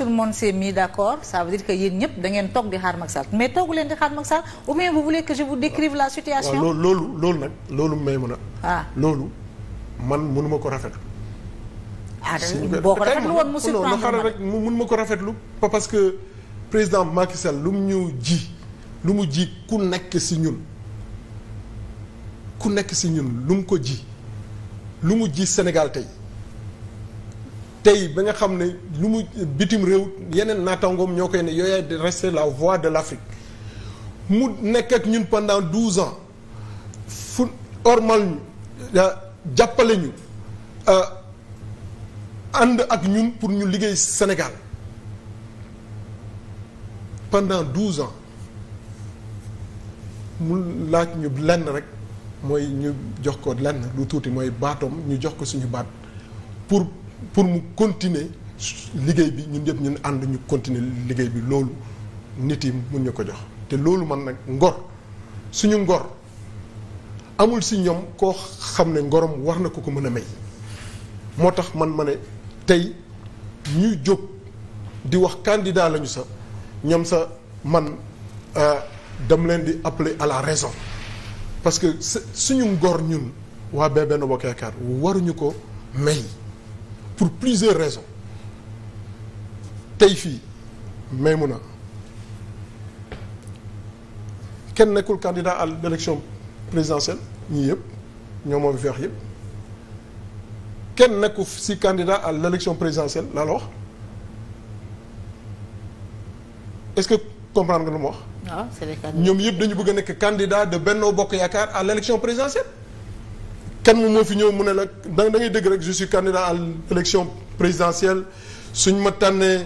tout le monde s'est ça veut que yéen ñëpp da ngeen toog di xaar Macky Sall mais toogu leen di xaar Macky Sall ou bien vous voulez que je vous décrive loolu loolu nag loolu may mën a. Ah. loolu man mënuma ko rafetlu. ah boo ko rafetlu woon mu surprendre non xaaral rek mënuma ko rafetlu. parce que président Macky Sall lu mu ñu ji lu mu ji ku nekk si ñun ku nekk si ñun lu mu ko ji lu mu ji Sénégal tey. tey ba nga xam ne lu mu bitim réew yeneen naataangoom ñoo ko ne yooyaay de rester la voix de l'Afrique mu nekk ak ñun pendant douze ans fu ormal ñu jàppale ñu ànd ak ñun pour ñu liggéey Sénégal pendant douze ans mu laaj ñu lenn rek mooy ñu jox ko lenn lu tuuti mooy baatoom ñu jox ko suñu baat pour pour mu continuer liggéey bi ñun ñëpp ñun ànd ñu continuer liggéey bi loolu nit yi mun ñu ko jox te loolu man nag ngor suñu ngor amul si ñoom koo xam ne ngorom war na ko ko mën a may moo tax man ma ne tey ñuy jóg di wax candidat lañu sa ñoom sa man euh, dam leen di appeler à la raison parce que suñu ngor ñun waa benn Bokk Yaakaar waruñu ko may pour plusieurs raisons tey fii Maïmouna kenn nekkul candidat à l'élection présidentielle ñii yëpp ñoo moom fi wax yëpp kenn nekku si candidat à l'élection présidentielle laa la wax est-ce que comprendre nga lu ma wax. waaw c'est les candidats ñoom yëpp dañu bëgg a nekk candidat de Benno Bokk Yaakaar à l'élection présidentielle. kan moom moo fi ñëw mu ne la da ngay dégg rek je suis candidat à l'élection présidentielle suñ ma tànnee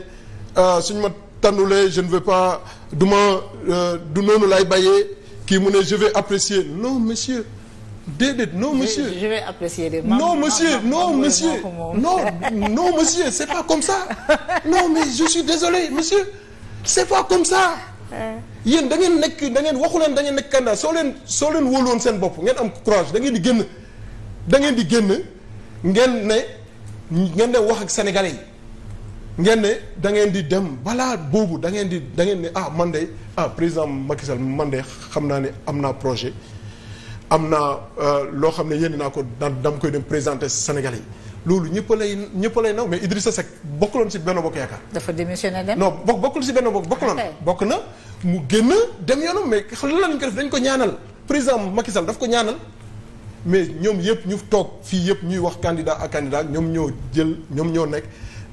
euh, suñ ma tànnulee je ne veux pas du ma euh, du noonu lay bàyyee kii mu ne je vais apprécier non monsieur déedéet non monsieur je vais apprécier des non monsieur non monsieur non non monsieur c'est pas comme ça non mais je suis désolé monsieur c'est pas comme ça yéen da ngeen nekk da ngeen waxu leen da ngeen nekk candidat soo leen soo leen seen bopp ngeen am courage da ngeen di génn da ngeen di génn ngeen ne ngeen ne wax ak sénégalais yi ngeen da ngeen di dem balaa boobu da ngeen di da ngeen ne ah man de ah président Macky Sall man de xam naa ne am naa projet am naa euh, loo xam ne yéen naa ko dam koy dem présenter sénégalais yi loolu ñëpp lay ñëpp lay naw mais Idrissa bokk loon si benn bokk yaakaar. dafa démissionné dem. non bokk bokkul si benn bokk bokkuloon. Ah, bokk na mu génn dem yoonam mais la lañ ko def dañ ko ñaanal président Macky Sall daf ko ñaanal. mais ñoom yëpp ñu toog fii yëpp ñuy wax candidat ak candidat ñoom ñoo jël ñoom ñoo nekk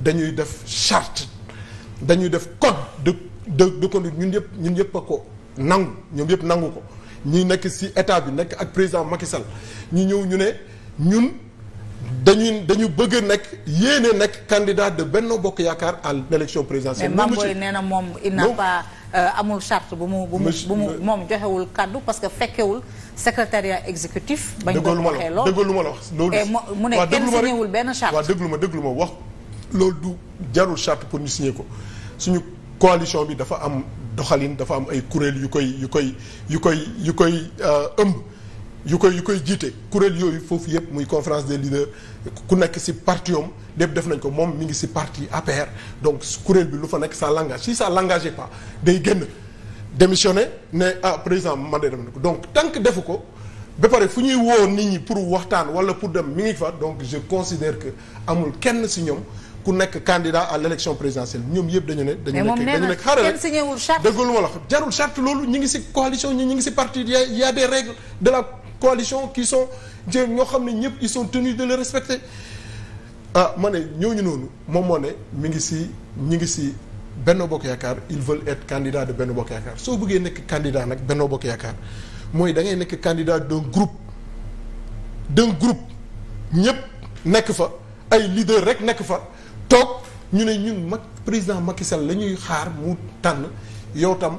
dañuy def charte dañuy def code de de ñun yëpp ñun yëpp a ko nangu ñoom yëpp nangu ko ñi nekk ci état bi nekk ak président Macky Sall ñu ñëw ñu ne ñun dañuy dañu bëgg nekk yéene nekk candidat de Benno Bokk Yaakaar à l'élection présidentielle. mais Mame Boye nee na moom il n'a pas. Euh, amul charte bu mu bu bu mu euh, moom joxewul kàddu parce que fekkewul secretariat exécutif. bañ ko waxee lool dëgg lu ma la wax loolu. mu ne kenn signéwul benn charte waaw dëgg lu ma dëgg lu ma wax loolu du jarul charte pour ñu signé ko suñu coalition bi dafa am doxalin dafa am ay kuréel yu koy yu koy yu koy yu koy euh, ëmb. yu koy yu koy jiite kuréel yooyu foofu yëpp muy conférence des leaders ku nekk si parti am lépp def nañ ko moom mi ngi si parti APR donc kuréel bi lu fa nekk ça l'engage si ça l'engage pas day génn démissionné ne ah président man de dem na ko donc tant que defu ko ba pare fu ñuy woo ñi pour waxtaan wala pour dem mi ngi fa donc je considère que amul kenn si ñoom ku nekk candidat à l' élection présidentielle ñoom yëpp dañu ne. dañu nekk dañu nekk xaaral kenn signéwul charte ma la jarul charte loolu ñu ngi si coalition ñi ñu ngi si parti y' a des règles de coalition kii soo jéem ñoo xam ne ñëpp ils sont tenus de le respecter ah ma ne ñu noonu moom moo ne mi ngi si ñi ngi si Benno Bokk Yaakaar ils veulent être candidat de benn Bokk Yaakaar soo bëggee nekk candidat nag Benno Bokk Yaakaar mooy da ngay nekk candidat d'un groupe d'un groupe ñëpp nekk fa ay leader rek nekk fa toog ñu ne ñun mag président Macky Sall la xaar mu tànn yow tam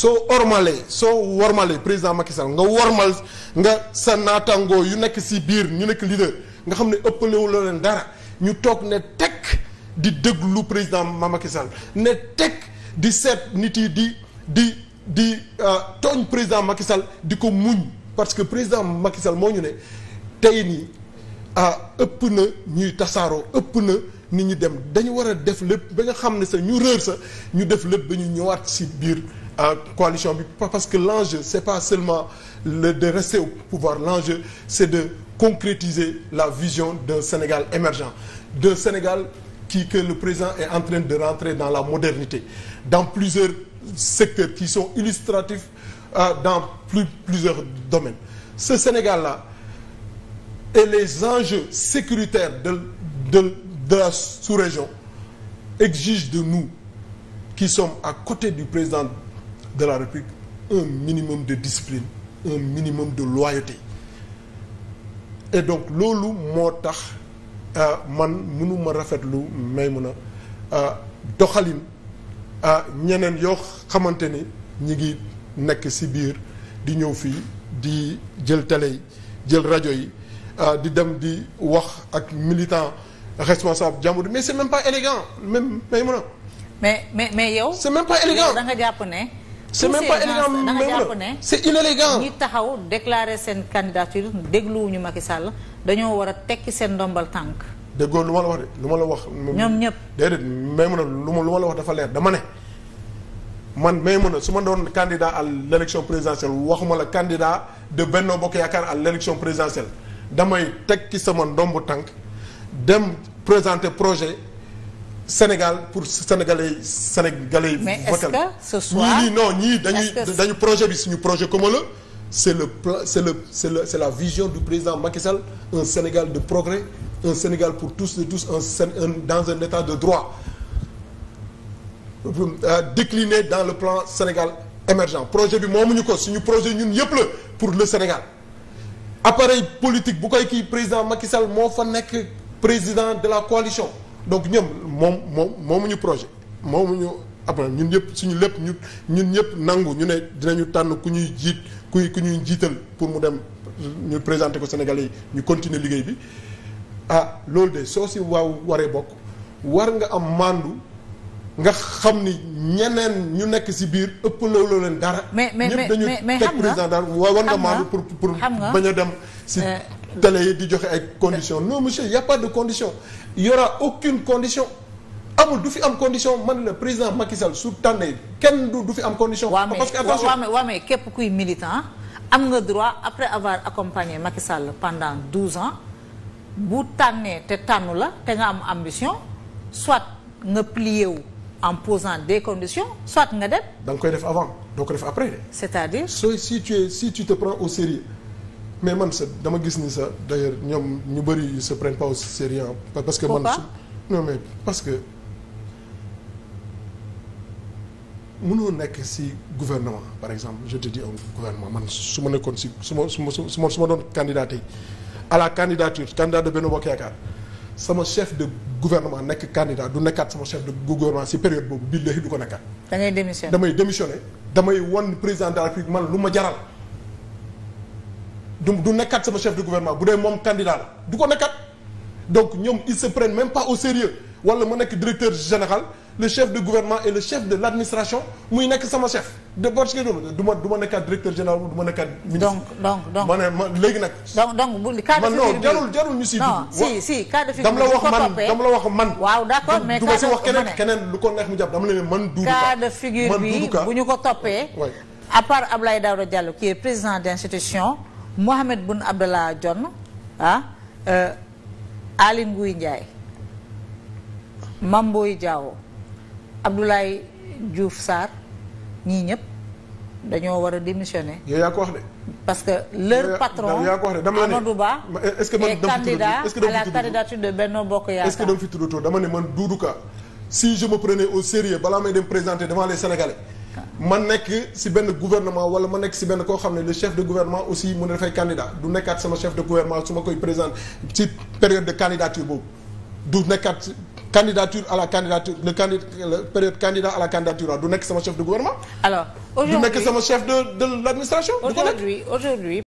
soo ormalee soo wormalee président Macky nga wormal nga sa naataangoo yu nekk si biir ñu nekk leader nga xam ne ëppalewu la leen dara ñu toog ne tekk di déglu président Macky Sall ne tekk di seet nit yi di di di euh, tooñ président Macky di ko muñ parce que président Macky Sall moo ñu ne tey nii ah ëpp na ñuy tasaaroo ëpp na ni ñi dem dañu war a def lépp ba nga xam ne sa ñu réer sa ñu def lépp ba ñu ñëwaat si biir en coalition bi parce que l'enjeu c'est pas seulement le de rester au pouvoir l'enjeu c'est de concrétiser la vision d'un Sénégal émergent d'un Sénégal qui que le président est en train de rentrer dans la modernité dans plusieurs secteurs qui sont illustratifs euh, dans plus, plusieurs domaines ce Sénégal-là et les enjeux sécuritaires de de de la sous-région exigent de nous qui sommes à côté du président de la République un minimum de discipline un minimum de loyauté et donc loolu moo tax euh, man rafet lu may mun a euh, doxalin euh, ñeneen yoo xamante ni ñi ngi nekk si biir di ñëw fii di jël télé yi jël rajo yi di dem di wax ak militant responsable jàmbur mais c'est même pas élégant même may mun a mais mais mais yow. c'est même pas élégant da nga ne. c'est même pas élégant danga jàpp ne c'est inélégant ñi taxaw déclarer seen candidature dégluwuñu Macky sàll dañoo war a tekki seen ndombal tànk déggoo lu ma la wax de lu ma la wax ñoom ñëpp déedéet may mën a lu ma lu ma la wax dafa leer dama ne man may mën a su ma doon candidat à l'élection présidentielle waxuma la candidat de Benno Bokk Yaakaar à l'élection présidentielle damay tekki sama ndomb tànk dem présenter projet Sénégal pour sénégalais sénégalais. mais est-ce que ce soir ñii non ñii dañuy dañu projet bi suñu projet commun la. c'est le plan c'est le c'est le c'est la vision du président Macky Sall un Sénégal de progrès un Sénégal pour tous et tous un Sén dans un état de droit euh, décliné dans le plan Sénégal émergent projet bi moomuñu ko suñu projet ñun yëpp la pour le Sénégal appareil politique bu koy kii président Macky Sall moo fa nekk président de la coalition. donc ñoom moom moom moomuñu projet moom moomuñu après ñun ñëpp suñu lépp ñu ñun ñëpp nangu ñu ne dinañu tànn ku ñuy jiit kuy ku ñuy jiital pour mu dem ñu présenter ko Sénégalais yi ñu continuer liggéey bi ah loolu de soo si waaw waree bokk war nga am màndu nga xam ni ñeneen ñu nekk si biir ëpp looloo leen dara. mais mais mais mais xam nga ñëpp dañu teg président daal war nga màndu pour pour bañ a dem si. Euh, dale di joxe ay conditions non monsieur y a pas de condition il y aura aucune condition amul du fi am condition man la président Macky Sall su tànnee kenn du du fi am condition. parce que attention waaw mais waaw mais képp kuy militant am nga droit aprè avoir accompagné Macky Sall pendant douze ans bu tànnee te tànnu la te nga am ambition soit nga plier wu en posant des conditions soit nga dem. da nga koy def avant doo ko def après de. c'est-à-dire. sooy si tu es te prends au sérieux mais man sa dama gis ni sa d'ailleurs ñoom ñu bëri ils se prennent pas au que man non parce que mënoo nekk si gouvernement par exemple je te man su ma nekkoon si su ma su ma su ma su ma doon candidat yi à la candidature de Benno Bokk Yaakaar sama chef de gouvernement nekk candidat du nekkaat sama chef de gouvernement si période boobu billahi du ko nekkaat. damay démissionné damay wan président de man lu ma jaral. du du nekkaat sama chef de gouvernement bu dee moom candidat la du ko nekkaat donc ñoom ils se prennent même pas au sérieux wala ma nekk directeur général le chef de gouvernement et le chef de l'administration muy nekk sama chef de bord du ma du ma nekkaat directeur général du ma nekkaat ministre. donc donc ma ne léegi nag. donc donc bu cas jarul jarul ñu si. la wax man dama la wax man. waaw d'accord mais du ma si wax keneen keneen lu ko cas de figure bi bu ñu ko toppee. à part Abdoulaye Daouda Diallo Mohamed Boun Abdallah Dionne ah euh, Aly Ngouille Ndiaye Mame Boye Diao Abdoulaye Diouf Sarr ñii ñëpp dañoo war a démissionner. yow yaa ko wax de. parce que leur patron Amadou Ba eh, est-ce que man candidat à la candidature de Benno Bokk Yaakaar est dama ne man Doudou si je me prenais au sérieux balaa may dem présenter devant les Sénégalais. ma nekk ci benn gouvernement wala ma nekk si benn koo xam ne le chef de gouvernement aussi mu ne dafay candidat du nekkaat sama chef de gouvernement su ma koy présenter ci période de candidature boobu du nekkaat candidature à la candidature le candid le période candidat à la candidature du nekk sama chef de gouvernement. alors du nekk sama chef de de l'administration. du ko nekk